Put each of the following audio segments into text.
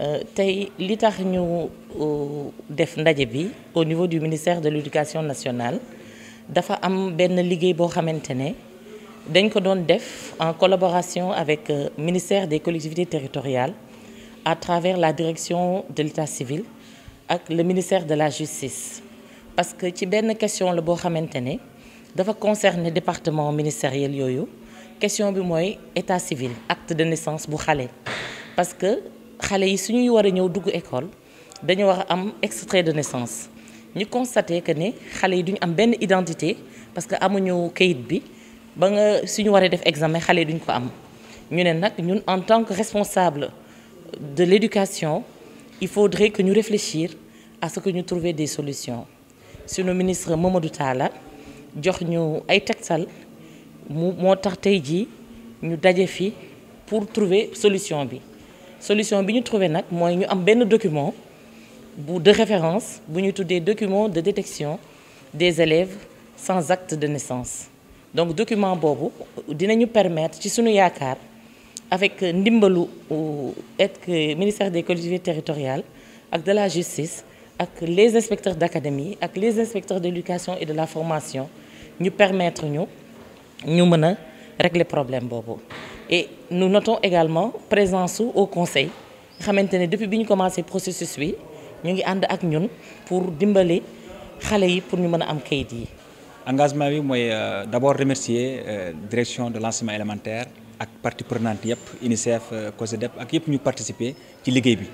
Euh, euh, au niveau du ministère de l'éducation nationale dafa am ben liggéey boo en collaboration avec euh, ministère des collectivités territoriales à travers la direction de l'état civil et le ministère de la justice parce que ci une question le boo xamante le concerner département ministériel la question bi l'état état civil acte de naissance parce que xalé yi suñu wara ñëw dugg école dañu am extrait de naissance ñu constatons que né xalé yi duñ am ben identité parce que amuñu kayit bi ba nga suñu wara def examen xalé duñ ko am ñu Nous, ñun en tant que responsable de l'éducation il faudrait que nous réfléchir à ce que nous trouver des solutions le ministre Mamadou Tala, jox ñu ay tegtal mo tax tay ji ñu dajé fi pour trouver solution bi solution que nous trouvé c'est ñu document de référence des documents de détection des élèves sans acte de naissance donc document nous dinañu permettre ci suñu avec le être ministère des collectivités territoriales ak de la justice avec les inspecteurs d'académie avec les inspecteurs d'éducation et de la formation nous permettre de nous mener régler problème bobo et nous notons également présence au Conseil. Depuis que depuis avons commencé commencé processus nous ñu ngi ànd ak pour dimbale xale yi pour nous mën a am kayit yi. engagement bi la euh, euh, direction de l'enseignement élémentaire ak partie prenante yëpp UNICEF euh, COSEDEP ak yëpp ñu participer à ce bi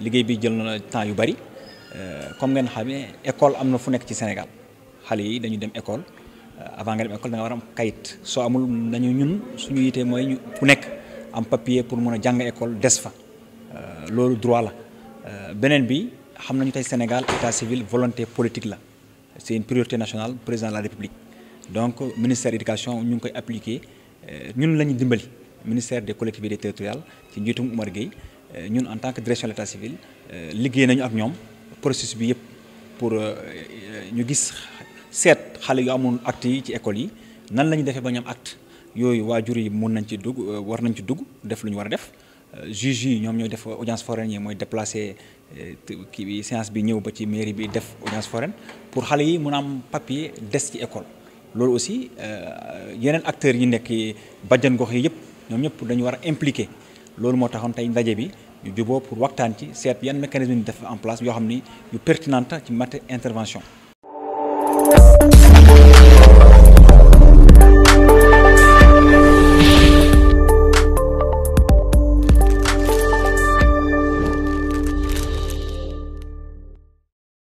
liggéey bi jël na temps yu bari comme ngeen le école l'école a fu ci Sénégal xale yi dañu dem école. Euh, avant d'aller à école da nga war a kayit soo amul nañu ñun suñu yitee mooy ñu ku am papier pour mën jang école des fa euh, droit la euh, beneen bi xam nañu tey Sénégal état civil volonté politique la c'est une priorité nationale président de la République donc ministère éducation ñu nous koy appliquer ñun l'avons dimbali ministère des collectivités territoriales ci njiitum Oumar Gueye ñun en tant que direction de l'état civil liggéey nañu ak ñoom processus bi pour ñu gis set xalé yu amoon acte yi ci école yi nan lañu défé ba ñam acte yooyu wajuri yi nañ ci dug euh, war nañ ci dug def luñu wara def euh, juge yi ñoom ñooy def audience foraine moy déplacer déplacé euh, bi séance bi ñëw ba ci mairie bi def audience foraine pour xalé yi mun a am papier des ci école lolu aussi yenen acteurs yi nekk bajjan gox yi yëpp ñom ñëpp dañu wara a impliqué loolu moo taxoon tey ndaje bi ñu juboo pour waxtaan ci set yeen mécanisme ñu def en place yo xamni yu pertinente ci matière intervention